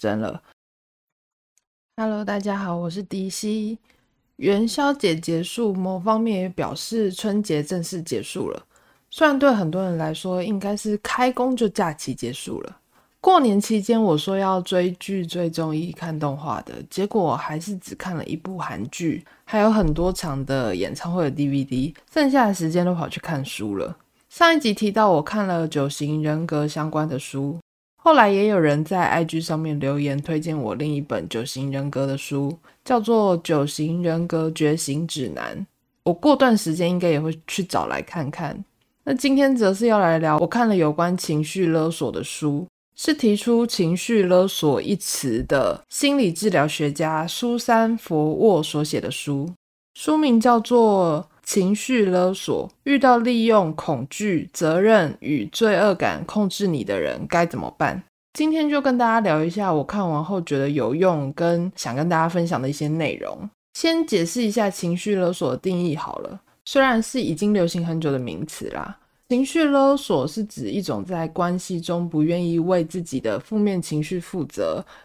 真了，Hello，大家好，我是迪西。元宵節結束，某方面也表示春節正式結束了。雖然對很多人來說，應該是開工就假期結束了。過年期間，我說要追劇、追綜藝、看動畫的，結果我還是只看了一部韓劇，還有很多場的演唱會的 DVD，剩下的時間都跑去看書了。上一集提到，我看了九型人格相關的書。後來也有人在 IG 上面留言推薦我另一本九型人格的書，叫做《九型人格覺醒指南》。我過段時間應該也會去找來看看。那今天則是要來聊我看了有關情緒勒索的書，是提出“情緒勒索”一詞的心理治療學家蘇珊·佛沃所寫的書。書名叫做：情緒勒索，遇到利用恐懼、責任與罪惡感控制你的人該怎麼辦？今天就跟大家聊一下我看完後覺得有用跟想跟大家分享的一些內容。先解釋一下情緒勒索的定義好了，雖然是已經流行很久的名詞啦。情緒勒索是指一種在關係中不願意為自己的負面情緒負責，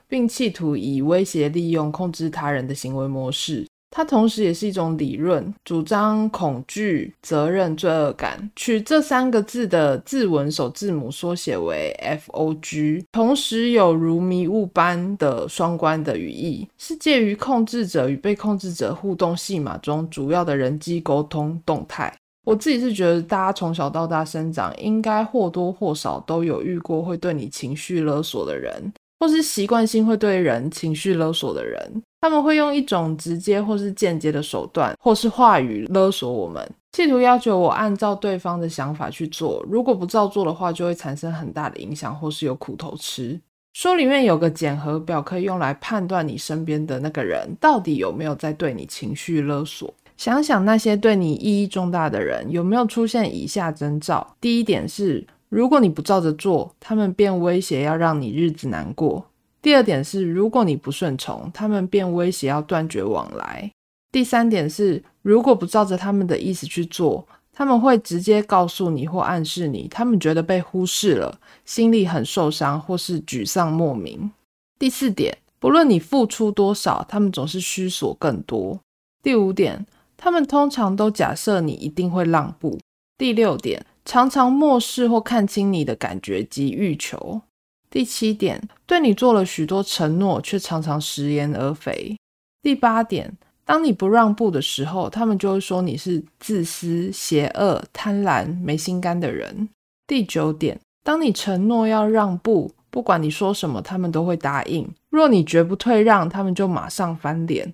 並企圖以威脅、利用控制他人的行為模式。它同時也是一種理論，主張恐懼、責任、罪惡感，取這三個字的字文首字母縮寫為 F O G，同時有如迷霧般的雙關的語義，是介於控制者與被控制者互動戲碼中主要的人際溝通動態。我自己是覺得，大家從小到大生長，應該或多或少都有遇過會對你情緒勒索的人，或是習慣性會對人情緒勒索的人。他們會用一種直接或是間接的手段，或是話語勒索我們，企圖要求我按照對方的想法去做。如果不照做的話，就會產生很大的影響，或是有苦頭吃。書裡面有個檢核表，可以用來判斷你身邊的那個人到底有沒有在對你情緒勒索。想想那些對你意義重大的人，有沒有出現以下徵兆？第一點是，如果你不照着做，他們便威脅要讓你日子難過。第二點是，如果你不順從，他們便威脅要斷絕往來。第三點是，如果不照着他們的意思去做，他們會直接告訴你或暗示你，他們覺得被忽視了，心裡很受傷或是沮喪莫名。第四點，不論你付出多少，他們總是需索更多。第五點，他們通常都假設你一定會讓步。第六點，常常漠視或看輕你的感覺及欲求。第七點，對你做了許多承諾，卻常常食言而肥。第八點，當你不讓步的時候，他們就會說你是自私、邪惡、貪婪、沒心肝的人。第九點，當你承諾要讓步，不管你說什麼，他們都會答應。若你絕不退讓，他們就馬上翻臉。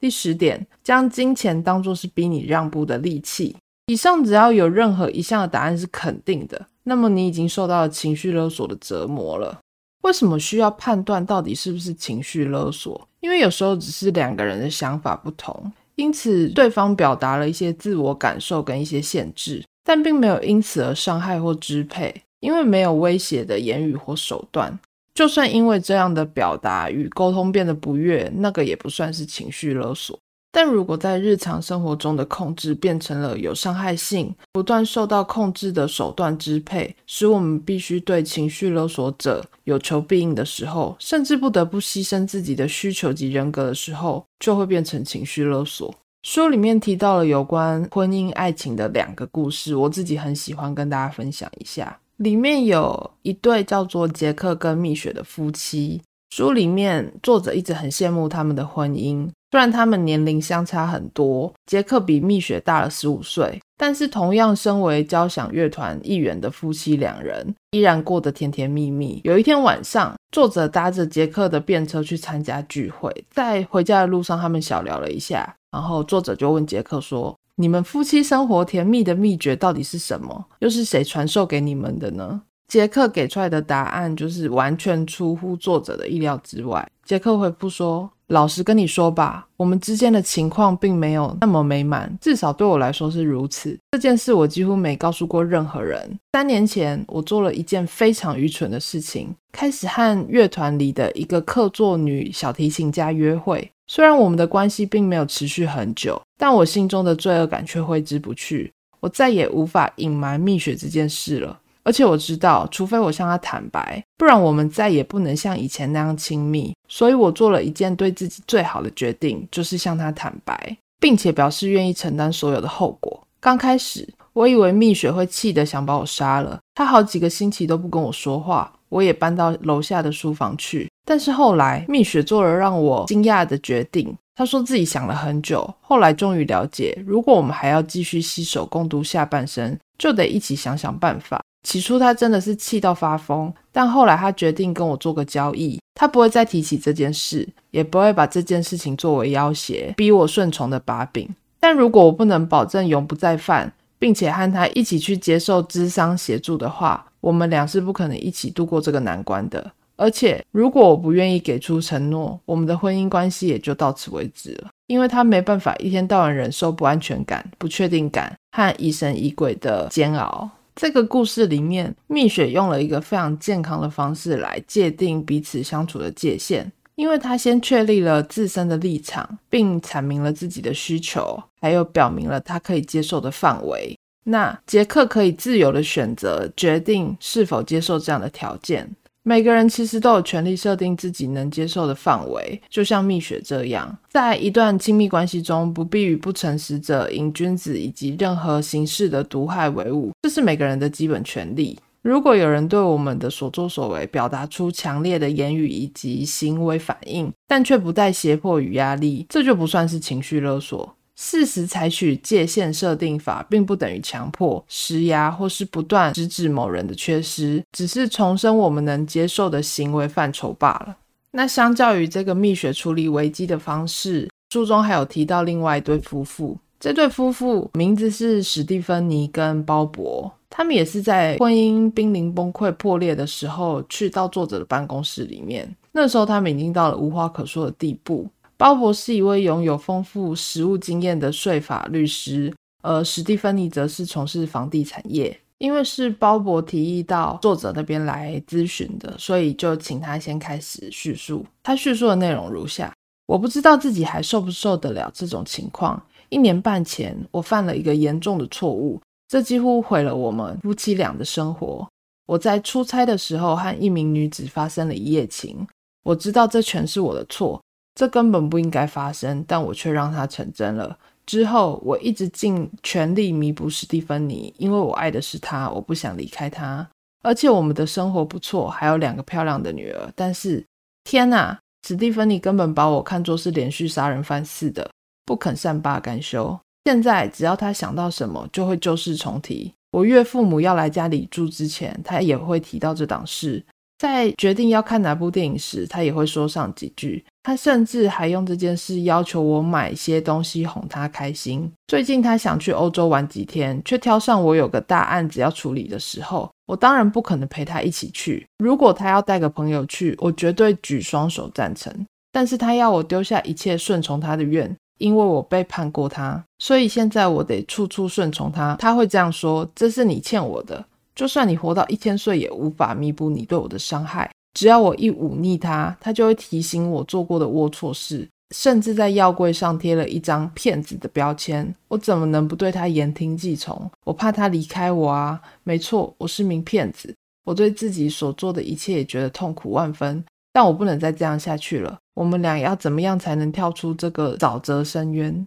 第十點，將金錢當做是逼你讓步的利器。以上只要有任何一項的答案是肯定的。那麼你已經受到了情緒勒索的折磨了，為什麼需要判斷到底是不是情緒勒索？因為有時候只是兩個人的想法不同，因此對方表達了一些自我感受跟一些限制，但並沒有因此而傷害或支配，因為沒有威脅的言語或手段。就算因為這樣的表達與溝通變得不悅，那個也不算是情緒勒索。但如果在日常生活中的控制變成了有傷害性、不斷受到控制的手段支配，使我們必須對情緒勒索者有求必應的時候，甚至不得不犧牲自己的需求及人格的時候，就會變成情緒勒索。書裡面提到了有關婚姻愛情的兩個故事，我自己很喜歡跟大家分享一下。裡面有一對叫做傑克跟蜜雪的夫妻，書裡面作者一直很羨慕他們的婚姻。雖然他們年齡相差很多，傑克比蜜雪大了十五歲，但是同樣身為交響樂團一員的夫妻兩人依然過得甜甜蜜蜜。有一天晚上，作者搭着傑克的便車去參加聚會，在回家的路上，他們小聊了一下，然後作者就問傑克說：“你們夫妻生活甜蜜的秘訣到底是什麼？又是誰傳授給你們的呢？”傑克給出來的答案就是完全出乎作者的意料之外。傑克回覆說：老實跟你說吧，我們之間的情況並沒有那麼美滿，至少對我來說是如此。這件事我幾乎沒告訴過任何人。三年前，我做了一件非常愚蠢的事情，開始和樂團裡的一個客座女小提琴家約會。雖然我們的關係並沒有持續很久，但我心中的罪惡感卻揮之不去。我再也無法隱瞞蜜雪這件事了。而且我知道，除非我向他坦白，不然我們再也不能像以前那樣親密。所以，我做了一件對自己最好的決定，就是向他坦白，並且表示願意承擔所有的後果。剛開始，我以為蜜雪會氣得想把我殺了，她好幾個星期都不跟我說話，我也搬到樓下的書房去。但是後來，蜜雪做了讓我驚訝的決定。她說自己想了很久，後來終於了解，如果我們還要繼續攜手共度下半生，就得一起想想辦法。起初他真的是氣到發瘋，但後來他決定跟我做個交易，他不會再提起這件事，也不會把這件事情作為要挾逼我順從的把柄。但如果我不能保證永不再犯，並且和他一起去接受諮商協助的話，我們倆是不可能一起度過這個難關的。而且如果我不願意給出承諾，我們的婚姻關係也就到此為止了，因為他沒辦法一天到晚忍受不安全感、不確定感和疑神疑鬼的煎熬。這個故事裡面，蜜雪用了一個非常健康的方式來界定彼此相處的界限，因為她先確立了自身的立場，並闡明了自己的需求，還有表明了她可以接受的範圍。那杰克可以自由地選擇，決定是否接受這樣的條件。每個人其實都有權利設定自己能接受的範圍，就像蜜雪這樣，在一段親密關係中，不必與不誠實者、癮君子以及任何形式的毒害為伍，這是每個人的基本權利。如果有人對我們的所作所為表達出強烈的言語以及行為反應，但卻不帶脅迫與壓力，這就不算是情緒勒索。適時採取界限設定法，並不等於強迫施壓或是不斷直指指某人的缺失，只是重申我們能接受的行為範疇罷了。那相較於這個蜜雪處理危機的方式，書中還有提到另外一對夫婦。這對夫婦名字是史蒂芬妮跟鮑勃，他們也是在婚姻瀕臨崩潰破裂的時候，去到作者的辦公室裡面。那時候他們已經到了無話可說的地步。鮑勃是一位擁有豐富實務經驗的稅法律師，而史蒂芬妮則是從事房地產業。因為是鮑勃提議到作者那邊來諮詢的，所以就請他先開始敘述。他敘述的內容如下：我不知道自己還受不受得了這種情況。一年半前，我犯了一個嚴重的錯誤，這幾乎毀了我們夫妻倆的生活。我在出差的時候和一名女子發生了一夜情。我知道這全是我的錯。這根本不應該發生，但我卻讓它成真了。之後我一直盡全力彌補史蒂芬妮，因為我愛的是她，我不想離開她，而且我們的生活不錯，還有兩個漂亮的女兒。但是天哪，史蒂芬妮根本把我看作是連續殺人犯似的，不肯善罷甘休。現在只要他想到什麼，就會舊事重提。我岳父母要來家裡住之前，他也會提到這檔事。在決定要看哪部電影時，他也會說上幾句。他甚至還用這件事要求我買一些東西哄他開心。最近他想去歐洲玩幾天，卻挑上我有個大案子要處理的時候，我當然不可能陪他一起去。如果他要帶個朋友去，我絕對舉雙手贊成。但是他要我丟下一切順從他的願，因為我背叛過他，所以現在我得處處順從他。他會這樣說：“這是你欠我的，就算你活到一千歲也無法彌補你對我的傷害。”只要我一忤逆他，他就會提醒我做過的齷齪事，甚至在藥櫃上貼了一張騙子的標籤。我怎麼能不對他言聽計從？我怕他離開我啊！沒錯，我是名騙子，我對自己所做的一切也覺得痛苦萬分。但我不能再這樣下去了。我們倆要怎麼樣才能跳出這個沼澤深淵？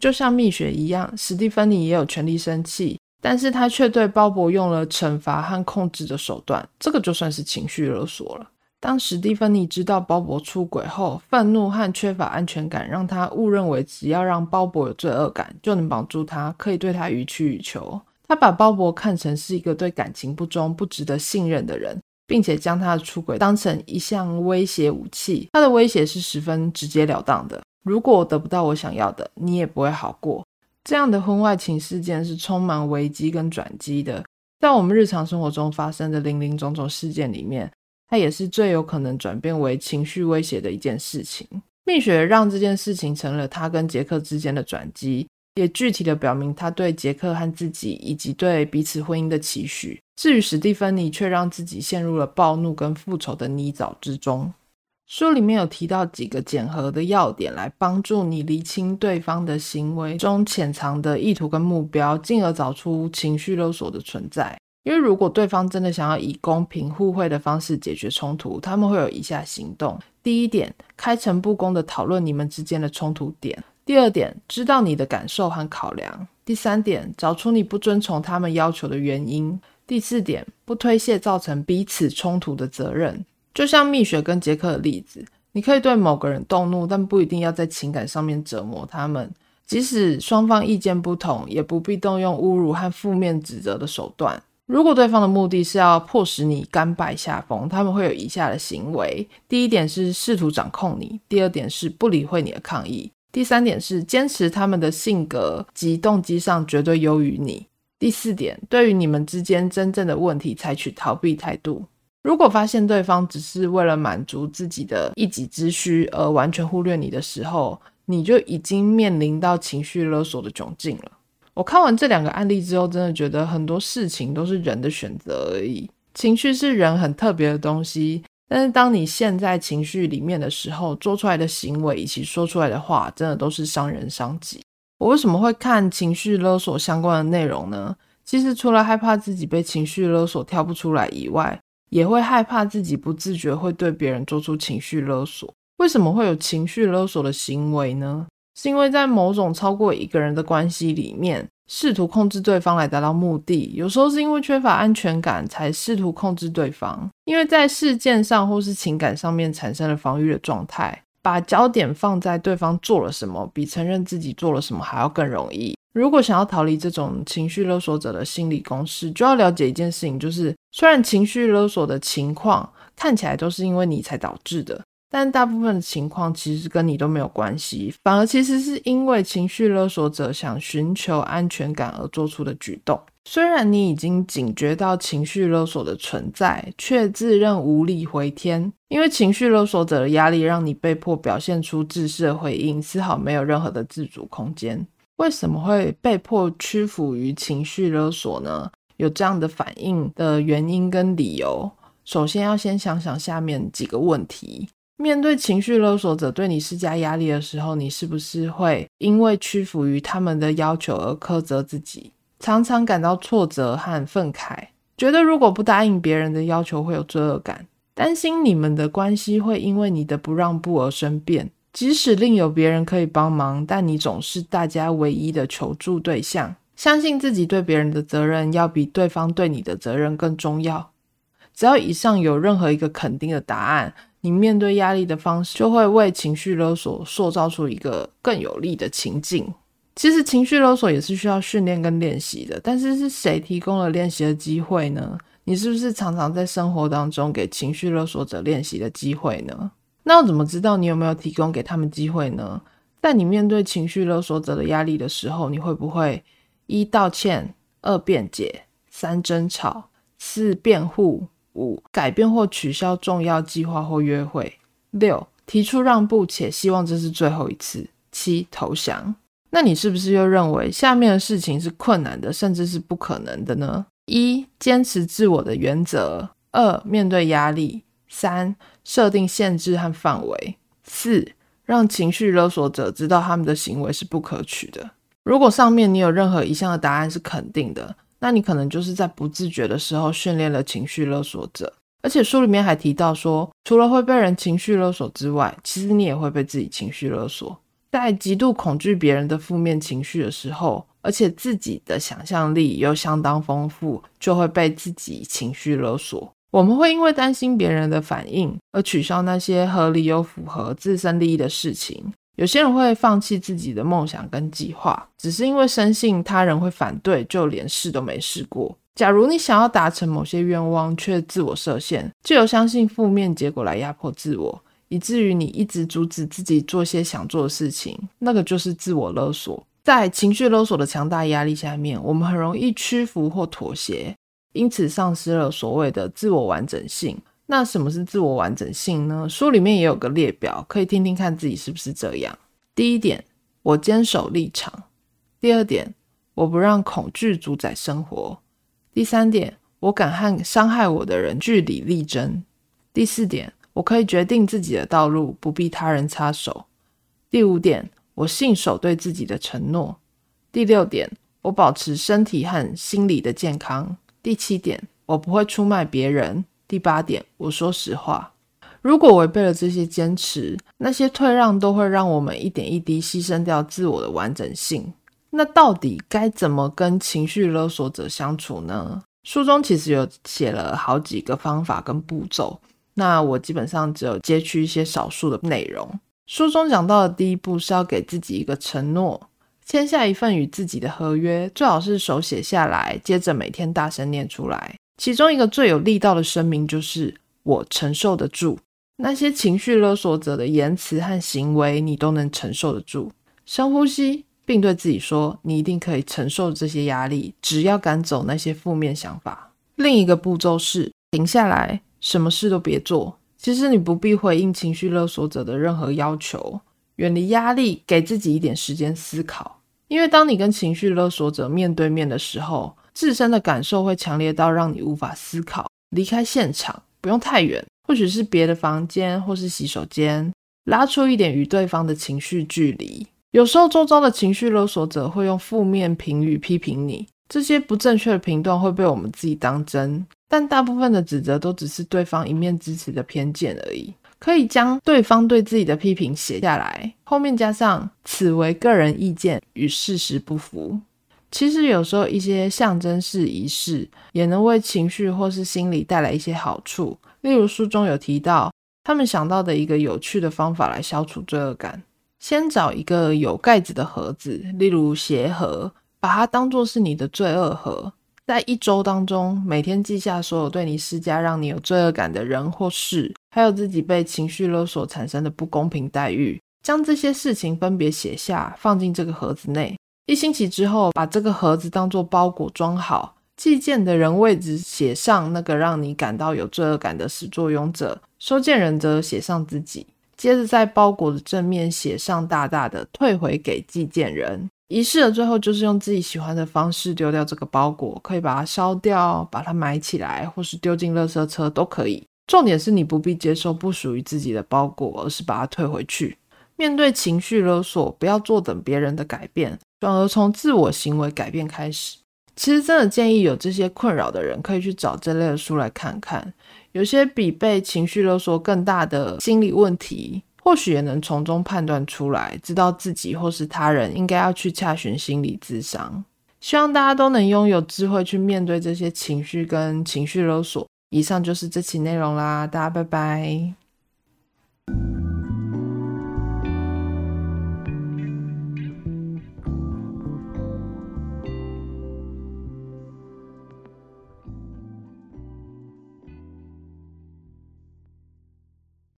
就像蜜雪一樣，史蒂芬妮也有權利生氣。但是他卻對鮑勃用了懲罰和控制的手段，這個就算是情緒勒索了。當史蒂芬妮知道鮑勃出軌後，憤怒和缺乏安全感讓她誤認為只要讓鮑勃有罪惡感，就能綁住他，可以對他予取予求。她把鮑勃看成是一個對感情不忠、不值得信任的人，並且將他的出軌當成一項威脅武器。他的威脅是十分直截了當的：如果我得不到我想要的，你也不會好過。這樣的婚外情事件是充滿危機跟轉機的，在我們日常生活中發生的林林種種事件裡面，它也是最有可能轉變為情緒威脅的一件事情。蜜雪讓這件事情成了她跟傑克之間的轉機，也具體的表明他對傑克和自己以及對彼此婚姻的期許。至於史蒂芬妮，卻讓自己陷入了暴怒跟復仇的泥沼之中。書裡面有提到幾個檢核的要點，來幫助你理清對方的行為中潛藏的意圖跟目標，進而找出情緒勒索的存在。因為如果對方真的想要以公平互惠的方式解決衝突，他們會有以下行動：第一點，開誠布公地討論你們之間的衝突點；第二點，知道你的感受和考量；第三點，找出你不遵從他們要求的原因；第四點，不推卸造成彼此衝突的責任。就像蜜雪跟杰克的例子，你可以對某個人動怒，但不一定要在情感上面折磨他們。即使雙方意見不同，也不必動用侮辱和負面指責的手段。如果對方的目的是要迫使你甘拜下風，他們會有以下的行為：第一點是試圖掌控你；第二點是不理會你的抗議；第三點是堅持他們的性格及動機上絕對優於你；第四點，對於你們之間真正的問題，採取逃避態度。如果發現對方只是為了滿足自己的一己之需而完全忽略你的時候，你就已經面臨到情緒勒索的窘境了。我看完這兩個案例之後，真的覺得很多事情都是人的選擇而已。情緒是人很特別的東西，但是當你陷在情緒裡面的時候，做出來的行為以及說出來的話，真的都是傷人傷己。我為什麼會看情緒勒索相關的內容呢？其實除了害怕自己被情緒勒索跳不出來以外，也會害怕自己不自覺會對別人做出情緒勒索。為什麼會有情緒勒索的行為呢？是因為在某種超過一個人的關係裡面，試圖控制對方來達到目的。有時候是因為缺乏安全感才試圖控制對方，因為在事件上或是情感上面產生了防禦的狀態，把焦點放在對方做了什麼，比承認自己做了什麼還要更容易。如果想要逃離這種情緒勒索者的心理攻勢，就要了解一件事情，就是雖然情緒勒索的情況看起來都是因為你才導致的，但大部分的情況其實跟你都沒有關係，反而其實是因為情緒勒索者想尋求安全感而做出的舉動。雖然你已經警覺到情緒勒索的存在，卻自認無力回天，因為情緒勒索者的壓力讓你被迫表現出自私的回應，絲毫沒有任何的自主空間。為什麼會被迫屈服於情緒勒索呢？有這樣的反應的原因跟理由，首先要先想想下面幾個問題：面對情緒勒索者對你施加壓力的時候，你是不是會因為屈服於他們的要求而苛責自己，常常感到挫折和憤慨，覺得如果不答應別人的要求會有罪惡感，擔心你們的關係會因為你的不讓步而生變。即使另有別人可以幫忙，但你總是大家唯一的求助對象。相信自己對別人的責任，要比對方對你的責任更重要。只要以上有任何一個肯定的答案，你面對壓力的方式就會為情緒勒索塑造出一個更有利的情境。其實，情緒勒索也是需要訓練跟練習的，但是是誰提供了練習的機會呢？你是不是常常在生活當中給情緒勒索者練習的機會呢？那我怎麼知道你有沒有提供給他們機會呢？在你面對情緒勒索者的壓力的時候，你會不會：一、道歉，二、辯解，三、爭吵，四、辯護，五、改變或取消重要計劃或約會，六、提出讓步且希望這是最後一次，七、投降？那你是不是又認為下面的事情是困難的，甚至是不可能的呢？一、堅持自我的原則，二、面對壓力。三、設定限制和範圍。四、讓情緒勒索者知道他們的行為是不可取的。如果上面你有任何一項的答案是肯定的，那你可能就是在不自覺的時候訓練了情緒勒索者。而且書裡面還提到說，除了會被人情緒勒索之外，其實你也會被自己情緒勒索。在極度恐懼別人的負面情緒的時候，而且自己的想象力又相當豐富，就會被自己情緒勒索。我們會因為擔心別人的反應而取消那些合理又符合自身利益的事情。有些人會放棄自己的夢想跟計劃，只是因為深信他人會反對，就連試都沒試過。假如你想要達成某些願望，卻自我設限，就有相信負面結果來壓迫自我，以至於你一直阻止自己做些想做的事情，那個就是自我勒索。在情緒勒索的強大的壓力下面，我們很容易屈服或妥協。因此，喪失了所謂的自我完整性。那什麼是自我完整性呢？書裡面也有個列表，可以聽聽看自己是不是這樣。第一點，我堅守立場；第二點，我不讓恐懼主宰生活；第三點，我敢和傷害我的人據理力爭；第四點，我可以決定自己的道路，不必他人插手；第五點，我信守對自己的承諾；第六點，我保持身體和心理的健康。第七點，我不會出賣別人。第八點，我說實話。如果違背了這些堅持，那些退讓都會讓我們一點一滴犧牲掉自我的完整性。那到底該怎麼跟情緒勒索者相處呢？書中其實有寫了好幾個方法跟步驟，那我基本上只有截取一些少數的內容。書中講到的第一步是要給自己一個承諾。簽下一份與自己的合約，最好是手寫下來，接着每天大聲念出來。其中一個最有力道的聲明就是“我承受得住”。那些情緒勒索者的言辭和行為，你都能承受得住。深呼吸，並對自己說：“你一定可以承受這些壓力，只要趕走那些負面想法。”另一個步驟是停下來，什麼事都別做。其實你不必回應情緒勒索者的任何要求。遠離壓力，給自己一點時間思考。因為當你跟情緒勒索者面對面的時候，自身的感受會強烈到讓你無法思考。離開現場，不用太遠，或許是別的房間，或是洗手間，拉出一點與對方的情緒距離。有時候，周遭的情緒勒索者會用負面評語批評你，這些不正確的評斷會被我們自己當真，但大部分的指責都只是對方一面之詞的偏見而已。可以將對方對自己的批評寫下來，後面加上“此為個人意見，與事實不符”。其實有時候一些象徵式儀式也能為情緒或是心理帶來一些好處。例如書中有提到，他們想到的一個有趣的方法來消除罪惡感：先找一個有蓋子的盒子，例如鞋盒，把它當作是你的罪惡盒。在一周當中，每天記下所有對你施加讓你有罪惡感的人或事，還有自己被情緒勒索產生的不公平待遇，將這些事情分別寫下，放進這個盒子內。一星期之後，把這個盒子當做包裹裝好，寄件的人位置寫上那個讓你感到有罪惡感的始作俑者，收件人則寫上自己。接着在包裹的正面寫上大大的“退回給寄件人”。儀式的最後就是用自己喜歡的方式丟掉這個包裹，可以把它燒掉，把它埋起來，或是丟進垃圾車都可以。重點是你不必接受不屬於自己的包裹，而是把它退回去。面對情緒勒索，不要坐等別人的改變，轉而從自我行為改變開始。其實真的建議有這些困擾的人可以去找這類的書來看看。有些比被情緒勒索更大的心理問題。或許也能從中判斷出來，知道自己或是他人應該要去洽詢心理諮商。希望大家都能擁有智慧去面對這些情緒跟情緒勒索。以上就是這期內容啦，大家拜拜。